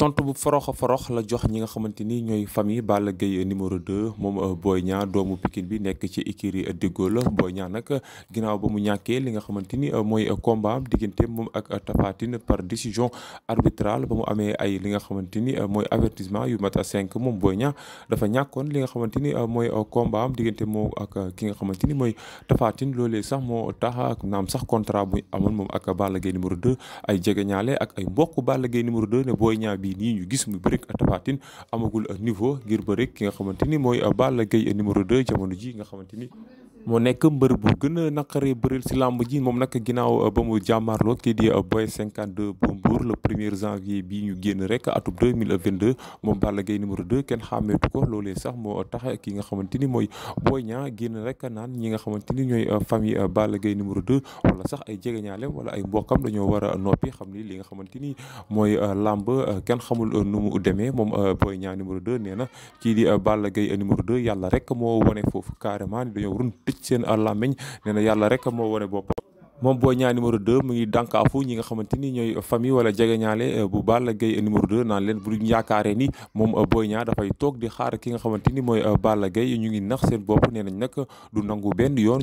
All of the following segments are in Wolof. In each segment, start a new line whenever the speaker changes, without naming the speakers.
tontu bu foroxa forox la jox ñi nga xamante ni ñooy famille Balla Gaye numéro de moom euh, Boy Niang doomu Pikine bi nekk ci écurie Dégaule Boy Niang nag ginnaaw ba mu ñàkkee li nga xamante ni euh, mooy euh, combat diggante moom ak Tapha par décision arbitrale ba mu amee ay li nga xamante ni mooy avertissement yu mat cinq moom booy Niang dafa ñàkkoon li nga xamante ni mooy combat am diggante moom ak ki nga xamante ni mooy Tapha Tine sax moo tax naam sax contrat bu amoon moom ak Balla Gaye numéro 2 ay jegeñaale ak ay mbokk Balla Gaye numéro 2 ne Boy bii nii ñu gis mu bërik Tapha Tine amagul niveau ngir bërik ki nga xamante ni mooy Balla Gaye numéro 2 jamono ji nga xamante ni moo nekk mbër bu gën a naqaree bëril si làmb ji moom nag ginnaaw euh, ba mu jàmmaarloo kii di euh, Boy 52 bu Mbour le premier janvier bii ñu génn rek atum 2022 moom Balla Gaye numéro 2 kenn xàmmeetu ko loolee sax moo tax ki nga xamante ni mooy Boy Niang génn rek naan ñi nga xamante ni ñooy euh, famille Balla Gaye numéro 2 wala sax ay jegeñaaleem wala ay mbokkam dañoo war a noppi xam ni li nga xamante ni mooy làmb kenn xamul nu mu demee moom Boy Niang numéro 2 nee na kii di Balla Gaye numéro 2 yàlla rek moo wane foofu carrément ni dañoo run picc seen làmmiñ nee na yàlla rek moo wane boppam moom Boy Niang numéro 2 mu ngi dànkaafu ñi nga xamante ni ñooy famille wala jegeñaale euh, bu Balla Gaye numéro 2 naan leen bu ñu yaakaaree ni moom euh, Boy Niang dafay toog xaar ki nga xamante ni mooy euh, Balla Gaye ñu ngi nax seen bopp nee nañ nag du nangu benn yoon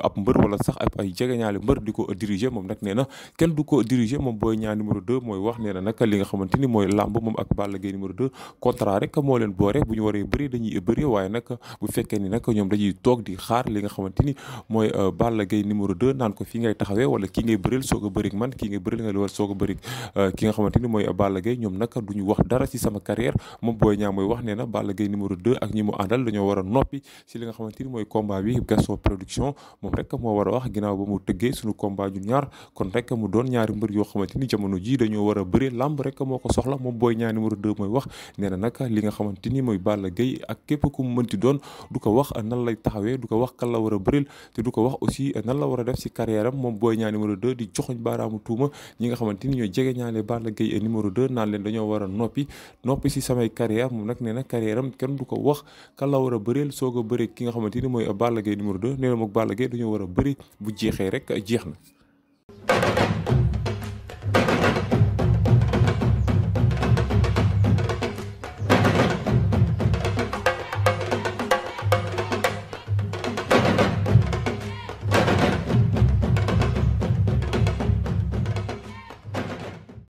ab mbër wala sax ab ay jegeñaale mbër di ko diriger moom nag nee na kenn du ko diriger moom Boy Niang numéro 2 mooy wax nee na nag li nga xamante ni mooy moom ak Balla Gaye numéro 2 contrat rek moo leen bu ñu waree bëri dañuy bëri waaye bu fekkee ni nag ñoom dañuy toog di xaar li nga xamante ni mooy Balla Gaye numéro 2 naan ko fi ki ngay taxawee wala ki ngay bëril soo ko bërik euh, mooy Balla Gaye ñoom nag duñu wax dara ci sama carrière moom Boy a noppi ci li nga xamante ni mooy combat bi Gaston Production moo a wax ginnaaw ba mu tëggee suñu combat ñu ñaar kon rek mu doon ñaari yoo xamante ni jamono ji dañoo war a bëri lamb rek moo ko moom Boy Niang numéro 2 mooy wax na nag li nga xamante ni mooy Balla Gaye ak képp ku mu mënti doon du ko wax nan lay taxawee du ko wax kan la war a bëril te du ko wax aussi nan la war a def ci carrière yaram moom Boy Niang numéro 2 di joxoñ baaraamu tuuma ñi nga xamante ni ñooy jege ñaale Balla Gaye et numéro 2 naan leen dañoo war a noppi noppi si samay carrière moom nag nee na carrière am kenn du ko wax kan la war a bëreel soog a bëri ki nga xamante ni mooy Balla Gaye numéro 2 nee na moom ak Balla Gaye dañoo war a bëri bu jeexee rek jeex na